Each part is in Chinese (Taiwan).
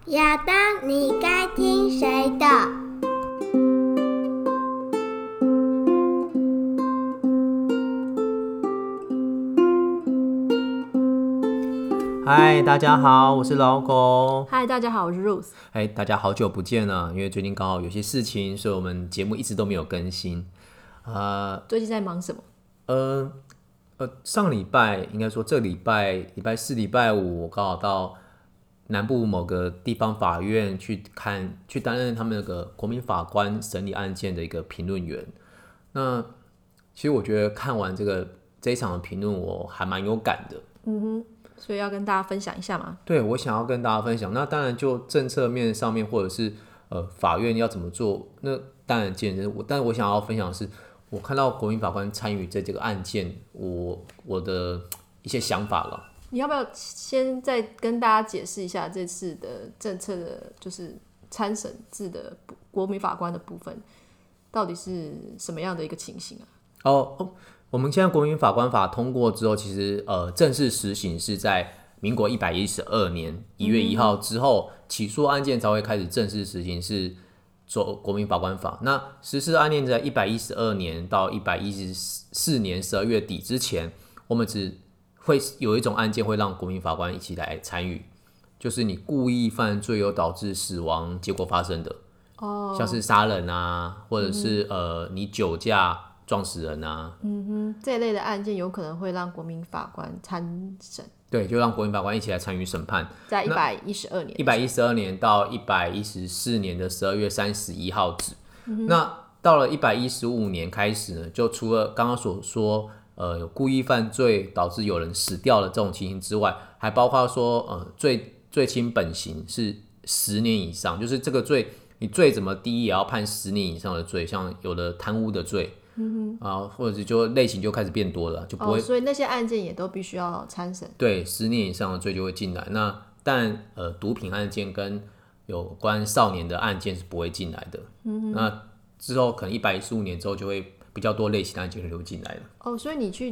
.亞當，你該聽誰的？嗨，大家好，我是老狗。嗨，大家好，我是 Rose。哎，大家好久不見了，因為最近剛好有些事情，所以我們節目一直都沒有更新。啊、呃，最近在忙什麼？呃呃，上禮拜應該說這禮拜，禮拜四、禮拜五剛好到南部某個地方法院去看，去擔任他們那個國民法官審理案件的一個評論員。那其實我覺得看完這個這一場的評論，我還蠻有感的。嗯哼，所以要跟大家分享一下嘛。對，我想要跟大家分享。那當然就政策面上面，或者是呃法院要怎麼做？那當然，簡直我，但是我想要分享的是，我看到國民法官參與在這，這個案件，我我的一些想法了。你要不要先再跟大家解釋一下這次的政策的，就是參審制的國民法官的部分，到底是什麼樣的一個情形啊？哦，哦，我們現在國民法官法通過之後，其實呃正式實行是在民國一百一十二年一月一號之後，嗯、起訴案件才會開始正式實行是走國民法官法。那實施案件在一百一十二年到一百一十四年十二月底之前，我們只。會有一種案件會讓國民法官一起來參與，就是你故意犯罪又導致死亡結果發生的，哦，oh. 像是殺人啊，或者是、mm hmm. 呃你酒駕撞死人啊，嗯哼、mm，hmm. 這一類的案件有可能會讓國民法官參審。對，就讓國民法官一起來參與審判，1 在一百一十二年、一百一十二年到一百一十四年的十二月三十一號止。Mm hmm. 那到了一百一十五年開始呢，就除了剛剛所說。呃，有故意犯罪導致有人死掉了這種情形之外，還包括說，呃，最最輕本刑是十年以上，就是這個罪，你罪怎麼低也要判十年以上的罪，像有的貪污的罪，嗯哼。啊，或者是就類型就開始變多了，就不會。哦，所以那些案件也都必須要參審。對，十年以上的罪就會進來。那但呃，毒品案件跟有關少年的案件是不會進來的。嗯哼。那之後可能一百一十五年之後就會。比較多類型的案件流進來了哦，所以你去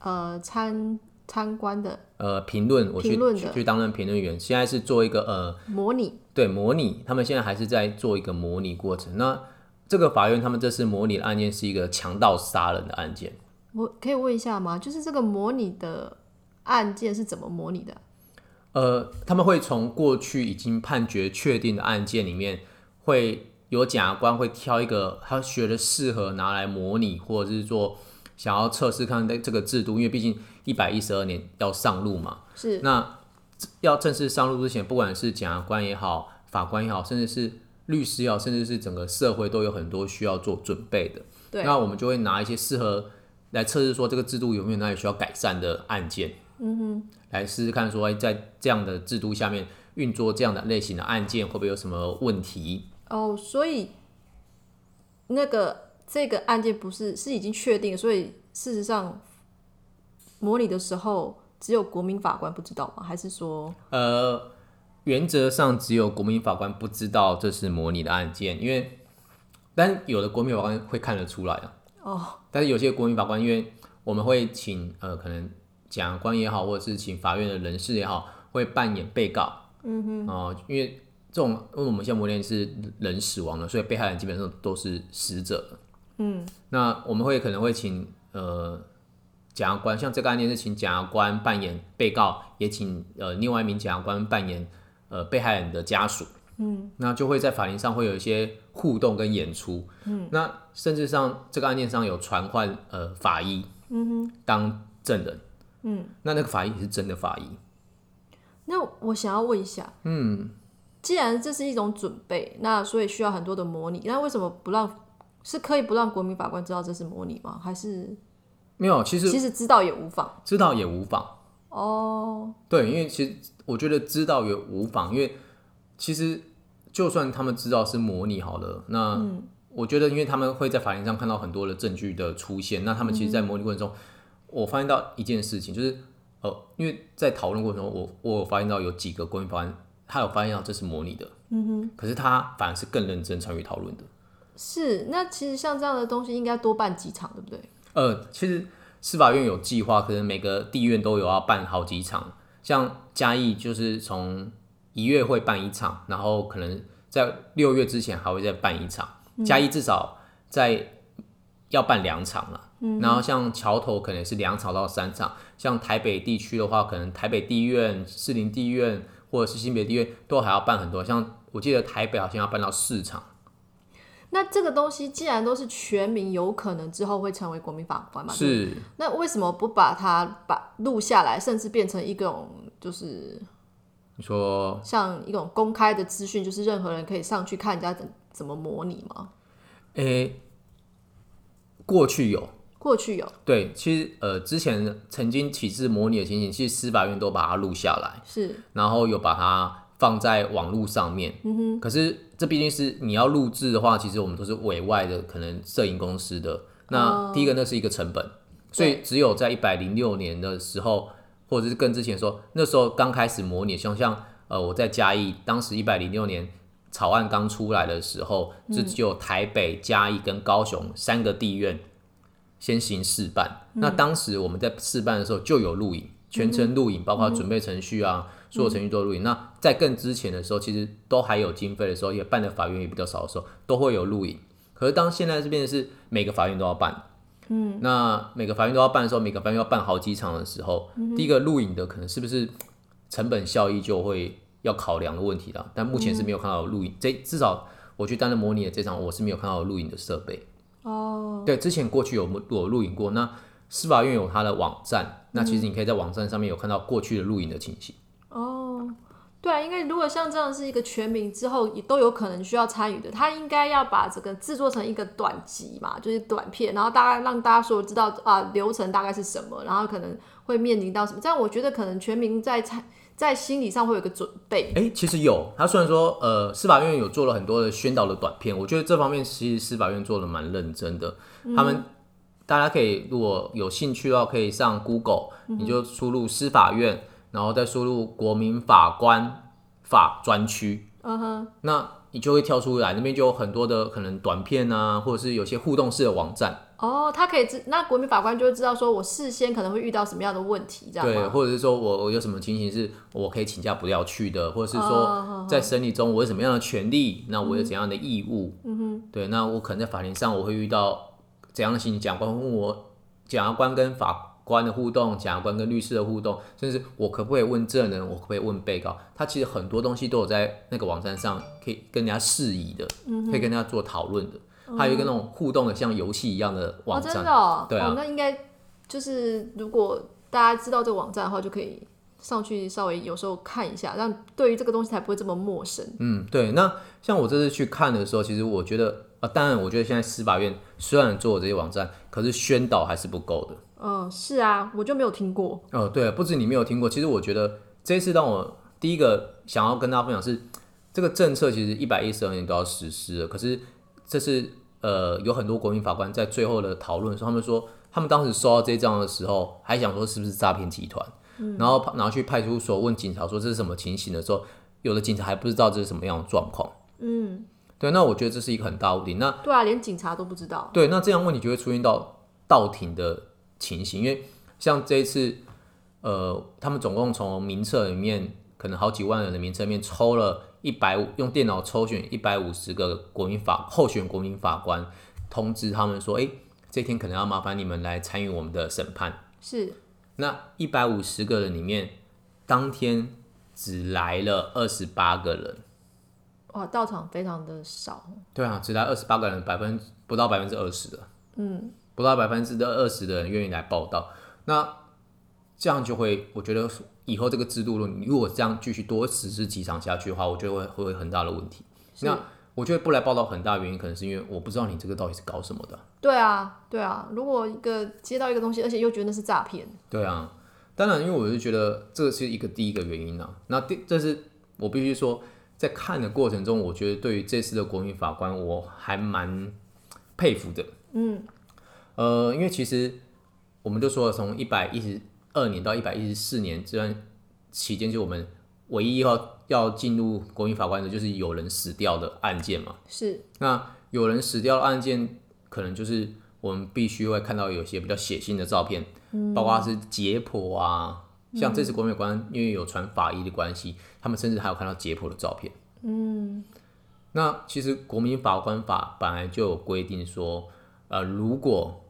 呃參呃參參觀的呃評論，我去去，去擔任評論員，現在是做一個呃模擬，對模擬，他們現在還是在做一個模擬過程。那這個法院他們這次模擬的案件是一個強盜殺人的案件，我可以問一下嗎？就是這個模擬的案件是怎麼模擬的？呃，他們會從過去已經判決確定的案件裡面會。有檢察官會挑一個他覺得適合拿來模擬，或者是說想要測試看這個制度，因為畢竟一百一十二年要上路嘛。是。那要正式上路之前，不管是檢察官也好，法官也好，甚至是律師也好，甚至是整個社會都有很多需要做準備的。對。那我們就會拿一些適合來測試，說這個制度有沒有哪裡需要改善的案件。嗯哼。來試試看，說在這樣的制度下面運作這樣的類型的案件，會不會有什麼問題？哦，oh，所以那個這個案件不是是已經確定，所以事實上模擬的時候只有國民法官不知道嗎？還是說呃，原則上只有國民法官不知道這是模擬的案件，因為但有的國民法官會看得出來哦，oh。但是有些國民法官，因為我們會請呃，可能檢察官也好，或者是請法院的人士也好，會扮演被告。嗯哼、mm。哦、hmm。呃，因為。這種，因為我們現在模擬是人死亡了，所以被害人基本上都是死者。嗯，那我們會可能會請呃檢察官，像這個案件是請檢察官扮演被告，也請呃另外一名檢察官扮演呃被害人的家屬。嗯，那就會在法庭上會有一些互動跟演出。嗯，那甚至上這個案件上有傳喚呃法醫。嗯哼。當證人。嗯，那那個法醫是真的法醫。那我想要問一下。嗯。既然這是一種準備，那所以需要很多的模擬。那為什麼不讓？是可以不讓國民法官知道這是模擬嗎？還是沒有？其實其實知道也無妨，知道也無妨。哦，oh. 對，因為其實我覺得知道也無妨，因為其實就算他們知道是模擬好了，那我覺得因為他們會在法庭上看到很多的證據的出現，嗯、那他們其實，在模擬過程中，嗯、我發現到一件事情，就是呃，因為在討論過程中，我我有發現到有幾個國民法官。他有發現到這是模擬的，嗯、哼可是他反而是更認真參與討論的。是，那其實像這樣的東西應該多辦幾場，對不對？呃，其實司法院有計劃，可能每個地院都有要辦好幾場。像嘉義就是從一月會辦一場，然後可能在六月之前還會再辦一場。嗯、嘉義至少在要辦兩場了。嗯、哼然後像橋頭可能是兩場到三場。像台北地區的話，可能台北地院、士林地院。或者是新北地院都還要辦很多，像我記得台北好像要辦到十場。那這個東西既然都是全民，有可能之後會成為國民法官嘛？是。那為什麼不把它把錄下來，甚至變成一種，就是你說像一種公開的資訊，就是任何人可以上去看人家怎怎麼模擬嗎？誒、欸，過去有。過去有對，其實呃，之前曾經幾次模擬的情形，其實司法院都把它錄下來，是，然後有把它放在網絡上面。嗯、哼可是這畢竟是你要錄製的話，其實我們都是委外的，可能攝影公司的。那、呃、第一個，那是一個成本，所以只有在一百零六年的時候，對或者是更之前說，那時候剛開始模擬，像像呃，我在嘉義，當時一百零六年草案剛出來的時候，就只有台北、嘉義跟高雄三個地院。嗯先行試辦，嗯、那當時我們在試辦的時候就有錄影，嗯、全程錄影，包括準備程序啊，嗯、所有程序都錄影。嗯、那在更之前的時候，其實都還有經費的時候，也辦的法院也比較少的時候，都會有錄影。可是當現在這邊是每個法院都要辦，嗯，那每個法院都要辦的時候，每個法院要辦好幾場的時候，嗯、第一個錄影的可能是不是成本效益就會要考量的問題了？但目前是沒有看到錄影，這、嗯、至少我去擔任模擬的這場，我是沒有看到錄影的設備。哦，oh. 對，之前過去有錄影過。那司法院有他的網站，嗯、那其實你可以在網站上面有看到過去的錄影的情形。哦，oh. 對啊，因為如果像這樣是一個全民之後也都有可能需要參與的，他應該要把這個製作成一個短集嘛，就是短片，然後大概讓大家說知道啊、呃、流程大概是什麼，然後可能會面臨到什麼。這樣我覺得可能全民在參。在心理上會有一個準備，哎、欸，其實有。他雖然說，呃，司法院有做了很多的宣導的短片，我覺得這方面其實司法院做得蠻認真的。嗯、他們大家可以如果有興趣的話，可以上 Google，你就輸入“司法院”，嗯哼，然後再輸入“國民法官法專區”，嗯哼，那你就會跳出來，那邊就有很多的可能短片啊，或者是有些互動式的網站。哦，oh, 他可以知，那國民法官就會知道說，我事先可能會遇到什麼樣的問題，這樣對，或者是說我我有什麼情形是我可以請假不要去的，或者是說在審理中我有什麼樣的權利，oh, oh, oh. 那我有怎樣的義務？嗯哼、mm，hmm. 對，那我可能在法庭上我會遇到怎樣的情形？檢察官問我，檢察官跟法官的互動，檢察官跟律師的互動，甚至我可不可以問證人，我可不可以問被告？他其實很多東西都有在那個網站上可以跟人家釋疑的，mm hmm. 可以跟人家做討論的。還有一個那種互動的，像遊戲一樣的網站，哦，真的哦、對啊，哦、那應該就是如果大家知道這個網站的話，就可以上去稍微有時候看一下，讓對於這個東西才不會這麼陌生。嗯，對。那像我這次去看的時候，其實我覺得啊、呃，當然，我覺得現在司法院雖然做這些網站，可是宣導還是不夠的。嗯、呃，是啊，我就沒有聽過。哦、呃，對，不止你沒有聽過，其實我覺得這一次讓我第一個想要跟大家分享是，這個政策其實一百一十二年都要實施了，可是。這是呃，有很多國民法官在最後的討論時候，他們說，他們當時收到這一張的時候，還想說是不是詐騙集團，然後、嗯、然後去派出所問警察說這是什麼情形的時候，有的警察還不知道這是什麼樣的狀況。嗯，對，那我覺得這是一個很大問題。那對啊，連警察都不知道。對，那這樣問題就會出現到到庭的情形，因為像這一次，呃，他們總共從名冊裡面可能好幾萬人的名冊裡面抽了。一百五用電腦抽選一百五十個國民法候選國民法官，通知他們說：“誒、欸，這天可能要麻煩你們來參與我們的審判。”是。那一百五十個人裡面，當天只來了二十八個人。哇，到場非常的少。對啊，只來二十八個人，百分不到百分之二十的。嗯，不到百分之的二十的人願意來報到。那。這樣就會，我覺得以後這個制度路，如果這樣繼續多實施幾場下去的話，我覺得會會有很大的問題。是那我覺得不來報道很大的原因，可能是因為我不知道你這個到底是搞什麼的。對啊，對啊。如果一個接到一個東西，而且又覺得那是詐騙，對啊。當然，因為我就覺得這是一個第一個原因呢、啊。那第，這是我必須說，在看的過程中，我覺得對於這次的國民法官，我還蠻佩服的。嗯。呃，因為其實我們就說了，從一百一十。二年到一百一十四年這段期間，就我們唯一要要進入國民法官的，就是有人死掉的案件嘛。是。那有人死掉的案件，可能就是我們必須會看到有些比較血腥的照片，嗯、包括是解剖啊。嗯、像這次國民法官因為有傳法醫的關係，嗯、他們甚至還有看到解剖的照片。嗯。那其實國民法官法本來就有規定說，呃，如果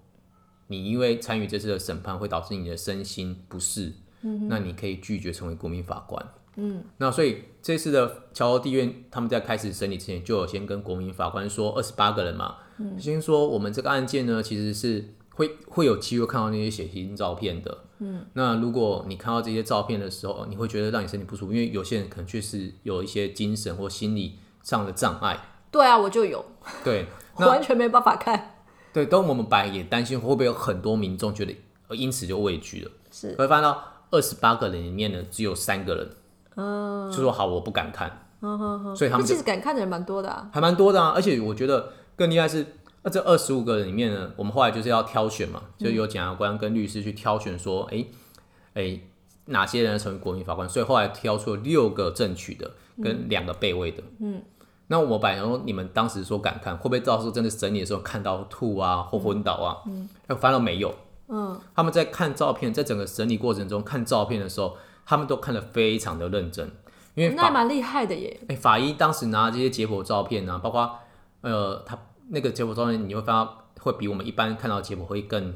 你因為參與這次的審判會導致你的身心不適，嗯、哼那你可以拒絕成為國民法官。嗯，那所以這次的橋頭地院他們在開始審理之前就有先跟國民法官說，二十八個人嘛，嗯、先說我們這個案件呢其實是會會有機會看到那些血腥照片的。嗯，那如果你看到這些照片的時候，你會覺得讓你身體不舒服，因為有些人可能確實有一些精神或心理上的障礙。對啊，我就有，對，那 完全沒辦法看。對，當我們白也擔心會不會有很多民眾覺得，因此就畏懼了。是，會發現到二十八個人裡面呢，只有三個人，哦、就說好，我不敢看。嗯哼哼，哦哦、所以他們其實敢看的人蠻多的，還蠻多的。啊，多的啊，而且我覺得更厲害是，這二十五個人裡面呢，我們後來就是要挑選嘛，嗯、就有檢察官跟律師去挑選說，哎哎、嗯，哪些人成為國民法官？所以後來挑出了六個正取的，跟兩個，跟兩個備位的。嗯。那我反問說，你們當時說敢看，會不會到時候真的審理的時候看到吐啊，或昏倒啊？嗯，反而沒有。嗯，他們在看照片，在整個審理過程中看照片的時候，他們都看得非常的認真。因為那蠻厲害的耶。哎、欸，法醫當時拿這些解剖照片啊，包括呃，他那個解剖照片，你會發現會比我們一般看到解剖會更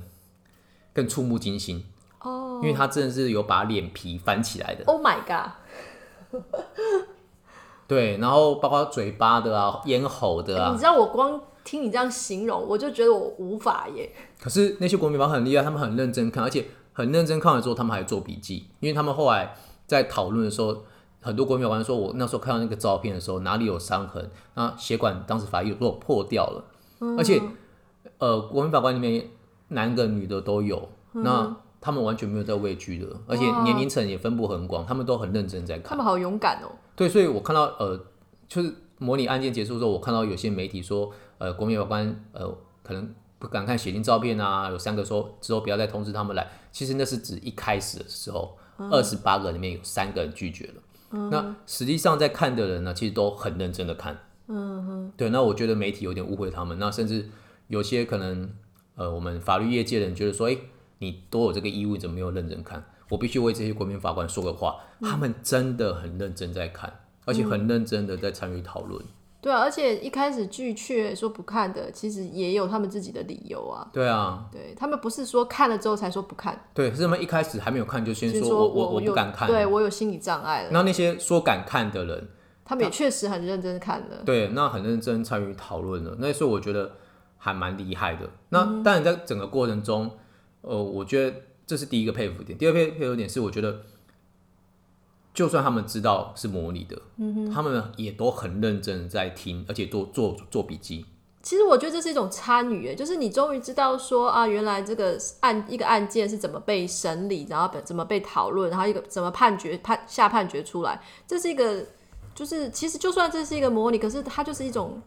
更觸目驚心哦，因為他真的是有把臉皮翻起來的。Oh my god！ 對，然後包括嘴巴的啊，咽喉的啊。欸，你知道我光聽你這樣形容，我就覺得我無法耶。可是那些國民法官很厲害，他們很認真看，而且很認真看完之後，他們還做筆記，因為他們後來在討論的時候，很多國民法官說，我那時候看到那個照片的時候，哪裡有傷痕，那血管當時法醫有破掉了。嗯。而且，呃，國民法官裡面男跟女的都有。嗯。那他們完全沒有在畏懼的，而且年齡層也分布很廣，哇他們都很認真在看。他們好勇敢哦！對，所以，我看到，呃，就是模擬案件結束之後，我看到有些媒體說，呃，國民法官，呃，可能不敢看血腥照片啊。有三個說之後不要再通知他們來，其實那是指一開始的時候，二十八個裡面有三個人拒絕了。嗯、哼那實際上在看的人呢，其實都很認真的看。嗯哼。對，那我覺得媒體有點誤會他們。那甚至有些可能，呃，我們法律業界的人覺得說，誒、欸。你都有這個義務，怎麼沒有認真看？我必須為這些國民法官說個話，嗯、他們真的很認真在看，而且很認真的在參與討論。對啊，而且一開始拒絕說不看的，其實也有他們自己的理由啊。對啊，對，他們不是說看了之後才說不看，對，是他們一開始還沒有看就先說我說我我，我不敢看，啊，對我有心理障礙了。那那些說敢看的人，他們也確實很認真看的，對，那很認真參與討論的，那時候我覺得還蠻厲害的。那但是、嗯、在整個過程中。呃，我覺得這是第一個佩服點。第二個佩服點是，我覺得就算他們知道是模擬的，嗯哼，他們也都很認真在聽，而且做做做筆記。其實我覺得這是一種參與，就是你終於知道說啊，原來這個案一個案件是怎麼被審理，然後怎麼被討論，然後一個怎麼判決判下判決出來，這是一個，就是其實就算這是一個模擬，可是它就是一種，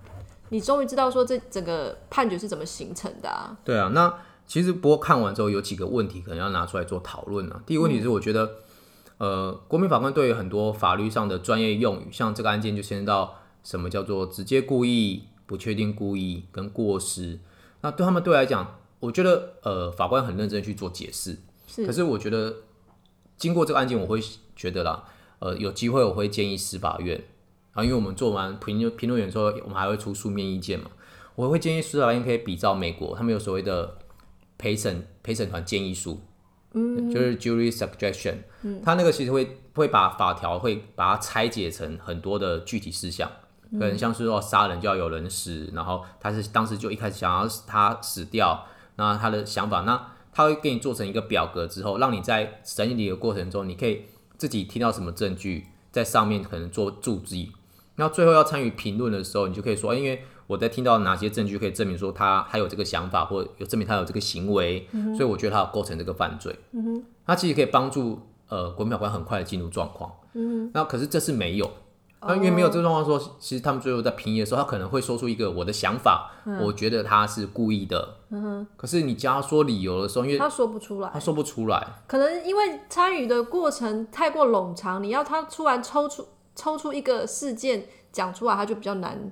你終於知道說這整個判決是怎麼形成的啊。對啊，那。其實不過看完之後有幾個問題可能要拿出來做討論，啊，第一個問題是，我覺得，嗯、呃，國民法官對於很多法律上的專業用語，像這個案件就牽涉到什麼叫做直接故意、不確定故意跟過失，那對他們對我來講，我覺得，呃，法官很認真去做解釋。是。可是我覺得經過這個案件，我會覺得啦，呃，有機會我會建議司法院，啊，因為我們做完評評論員後我們還會出書面意見嘛，我會建議司法院可以比照美國，他們有所謂的。陪審陪審團建議書，嗯，就是 jury subjection。嗯，他、嗯、那個其實會會把法條會把它拆解成很多的具體事項，可能像是說殺人就要有人死，然後他是當時就一開始想要他死掉，那他的想法，那他會給你做成一個表格之後，讓你在審理的過程中，你可以自己聽到什麼證據在上面可能做注記，那最後要參與評論的時候，你就可以說，哎、因為。我在聽到哪些證據可以證明說他還有這個想法，或有證明他有這個行為，嗯、哼所以我覺得他有構成這個犯罪。嗯、哼他其實可以幫助呃國民法官很快的進入狀況。嗯哼那可是這是沒有，哦、那因為沒有這個狀況，說其實他們最後在評議的時候，他可能會說出一個我的想法，嗯、我覺得他是故意的。嗯、哼可是你教他說理由的時候，因為他說不出來，他說不出來，可能因為參與的過程太過冗長，你要他突然抽出抽出一個事件講出來，他就比較難。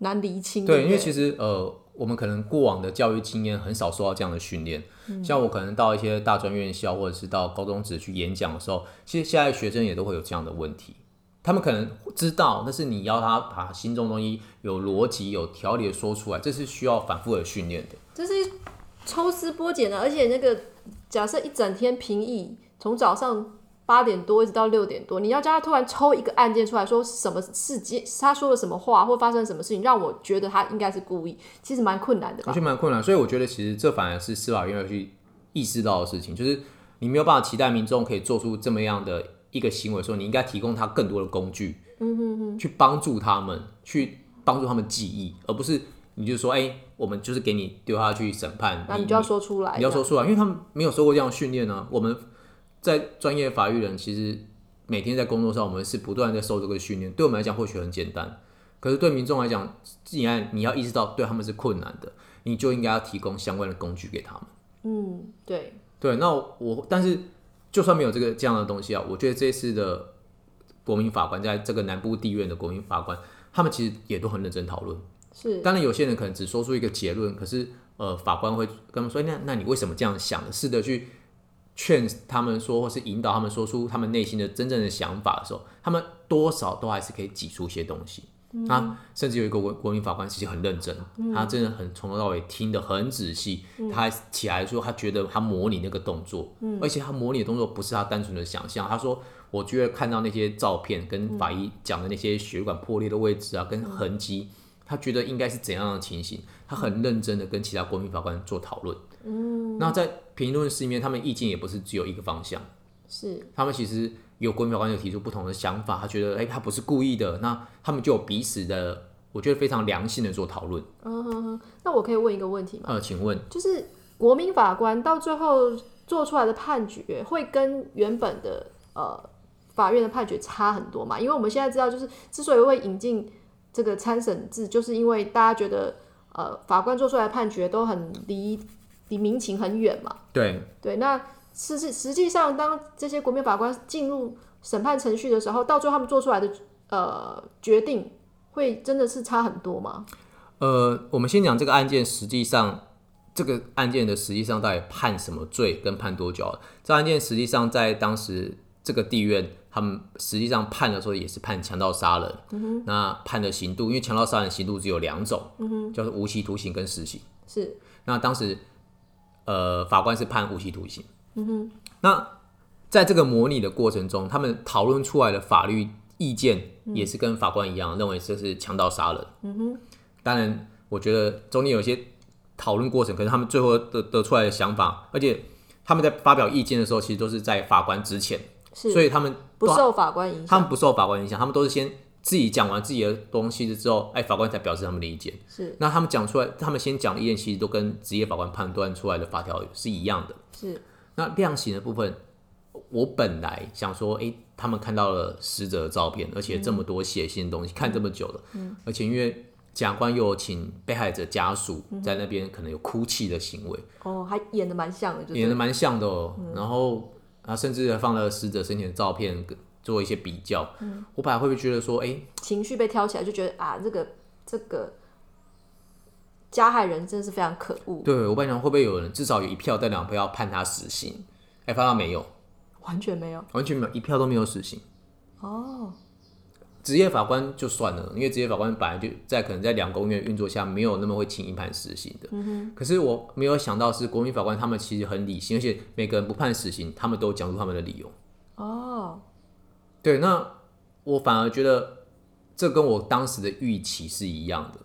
難釐清對，對不對？因為其實呃，我們可能過往的教育經驗很少受到這樣的訓練。嗯、像我可能到一些大專院校，或者是到高中職去演講的時候，其實現在學生也都會有這樣的問題。他們可能知道那是你要他把心中的東西有邏輯、有邏輯、有條理地說出來，這是需要反覆的訓練的。這是抽絲剝繭的、啊，而且那個假設一整天評議，從早上。八點多一直到六點多，你要叫他突然抽一個案件出來說什麼事件，他說了什麼話或發生什麼事情，讓我覺得他應該是故意，其實蠻困難的。的確蠻困難，所以我覺得其實這反而是司法院要去意識到的事情，就是你沒有辦法期待民眾可以做出這麼樣的一個行為，所以你應該提供他更多的工具，嗯嗯嗯，去幫助他們，去幫助他們記憶，而不是你就說，哎、欸，我們就是給你丟他去審判，那、啊、你，你就要說出來，你要說出來，這樣。因為他們沒有受過這樣訓練呢，我們。在專業法律人，其實每天在工作上，我們是不斷在受這個訓練。對我們來講或許很簡單，可是對民眾來講，既然你要意識到對他們是困難的，你就應該要提供相關的工具給他們。嗯，對。對，那我，我但是就算沒有這個這樣的東西啊，我覺得這一次的國民法官在這個南部地院的國民法官，他們其實也都很認真討論。是，當然有些人可能只說出一個結論，可是呃，法官會跟他們說：“那那你為什麼這樣想？試着去。”勸他們說，或是引導他們說出他們內心的真正的想法的時候，他們多少都還是可以擠出一些東西啊。嗯、他甚至有一個國國民法官其實很認真，嗯、他真的很從頭到尾聽得很仔細。嗯、他還起來說，他覺得他模擬那個動作，嗯、而且他模擬的動作不是他單純的想象。他說，我覺得看到那些照片跟法醫講的那些血管破裂的位置啊，嗯、跟痕跡，他覺得應該是怎樣的情形。他很認真的跟其他國民法官做討論。嗯，那在評論室裡面，他們意見也不是只有一個方向，是他們其實有國民法官就提出不同的想法，他覺得哎、欸，他不是故意的，那他們就有彼此的，我覺得非常良性的做討論。嗯，那我可以問一個問題嗎？呃、嗯，請問，就是國民法官到最後做出來的判決會跟原本的呃法院的判決差很多嗎？因為我們現在知道，就是之所以會引進這個參審制，就是因為大家覺得呃法官做出來的判決都很離。離民情很遠嘛？對對，那實際實際上，當這些國民法官進入審判程序的時候，到最後他們做出來的呃決定，會真的是差很多嗎？呃，我們先講這個案件，實際上這個案件的實際上到底判什麼罪，跟判多久？這案件實際上在當時這個地院，他們實際上判的時候也是判強盜殺人，嗯、哼那判的刑度，因為強盜殺人刑度只有兩種，嗯哼叫做無期徒刑跟死刑。是，那當時。呃，法官是判無期徒刑。嗯哼，那在這個模擬的過程中，他們討論出來的法律意見也是跟法官一樣，嗯、認為這是強盜殺人。嗯哼，當然，我覺得中間有一些討論過程，可是他們最後得得出來的想法，而且他們在發表意見的時候，其實都是在法官之前，是所以他們，他們不受法官影響，他們不受法官影響，他們都是先自己講完自己的東西之後，哎，法官才表示他們的意見。是，那他們講出來，他們先講的意見其實都跟職業法官判斷出來的法條是一樣的。是，那量刑的部分，我本來想說，哎、欸，他們看到了死者的照片，而且這麼多血腥的東西，嗯、看這麼久了，嗯、而且因為假官又有請被害者家屬在那邊，可能有哭泣的行為。哦，還演的蠻像的，就是、演的蠻像的哦。然後、嗯、啊，甚至放了死者生前的照片。做一些比較，嗯、我本來會不會覺得說，哎、欸，情緒被挑起來，就覺得啊，這個這個加害人真的是非常可惡。對，我本來想會不會有人至少有一票但兩票要判他死刑，哎、欸，發現沒有，完全沒有，完全沒有一票都沒有死刑。哦，職業法官就算了，因為職業法官本來就在可能在兩公約運作下沒有那麼會輕易判死刑的。嗯、哼可是我沒有想到是國民法官，他們其實很理性，而且每個人不判死刑，他們都講出他們的理由。哦。對，那我反而覺得這跟我當時的預期是一樣的。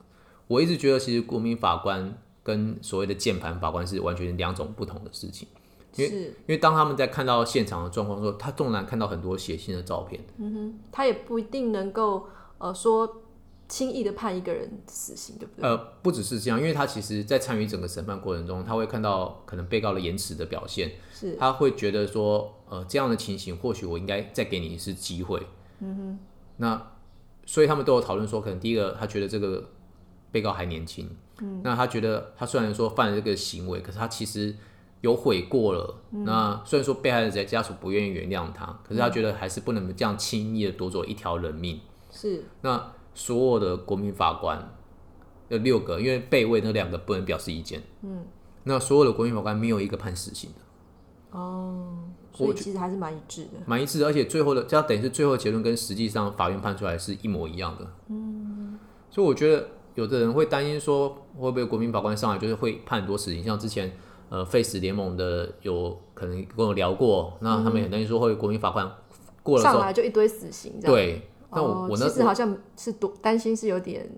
我一直覺得，其實國民法官跟所謂的鍵盤法官是完全兩種不同的事情，因為是因為當他們在看到現場的狀況的時候，他縱然看到很多血腥的照片，嗯哼，他也不一定能夠呃說。輕易的判一個人死刑，對不對？呃，不只是這樣，因為他其實在參與整個審判過程中，他會看到可能被告的言詞的表現，是他會覺得說，呃，這樣的情形，或許我應該再給你一次機會。嗯哼。那所以他們都有討論說，可能第一個他覺得這個被告還年輕，嗯，那他覺得他雖然說犯了這個行為，可是他其實有悔過了。嗯、那雖然說被害人家屬不願意原諒他，嗯、可是他覺得還是不能這樣輕易的奪走一條人命。是。那所有的國民法官有六個，因為備位那兩個不能表示意見。嗯，那所有的國民法官沒有一個判死刑的。哦，所以其實還是蠻一致的。蠻一致的，而且最後的，這等於是最後結論跟實際上法院判出來是一模一樣的。嗯，所以我覺得有的人會擔心說會不會國民法官上來就是會判很多死刑，像之前呃廢死聯盟的有可能跟我聊過，嗯，那他們很擔心說會國民法官過了上來就一堆死刑這樣。對。但我，我呢其實好像是多擔心，是有點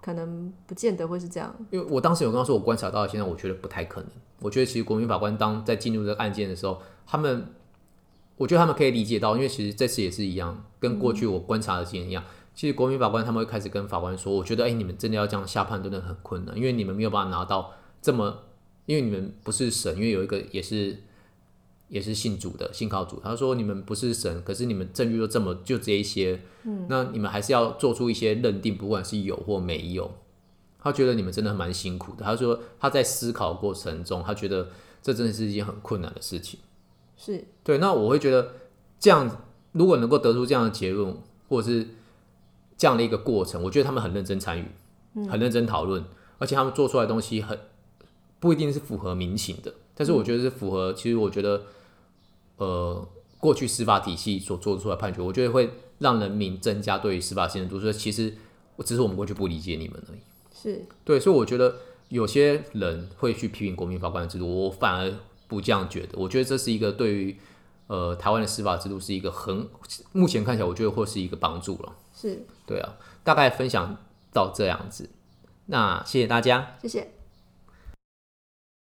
可能不見得會是這樣。因為我當時有跟他說，我觀察到現在，我覺得不太可能。我覺得其實國民法官當在進入這個案件的時候，他們我覺得他們可以理解到，因為其實這次也是一樣，跟過去我觀察的經驗一樣。嗯、其實國民法官他們會開始跟法官說：“我覺得，哎、欸，你們真的要這樣下判，真的很困難，因為你們沒有辦法拿到這麼，因為你們不是神，因為有一個也是。”也是信主的，信靠主。他說：“你們不是神，可是你們證據都這麼就這一些，嗯、那你們還是要做出一些認定，不管是有或沒有。他覺得你們真的蠻辛苦的。他說他在思考過程中，他覺得這真的是一件很困難的事情。是對。那我會覺得這樣，如果能夠得出這樣的結論，或者是這樣的一個過程，我覺得他們很認真參與，嗯、很認真討論，而且他們做出來的東西很不一定是符合民情的，但是我覺得是符合。嗯、其實我覺得。呃，過去司法體系所做出來判決，我覺得會讓人民增加對於司法信任度。所以其實我只是我們過去不理解你們而已，是對。所以我覺得有些人會去批評國民法官制度，我反而不這樣覺得。我覺得這是一個對於呃台灣的司法制度是一個很，目前看起來，我覺得會是一個幫助了。是對啊，大概分享到這樣子，那謝謝大家，謝謝。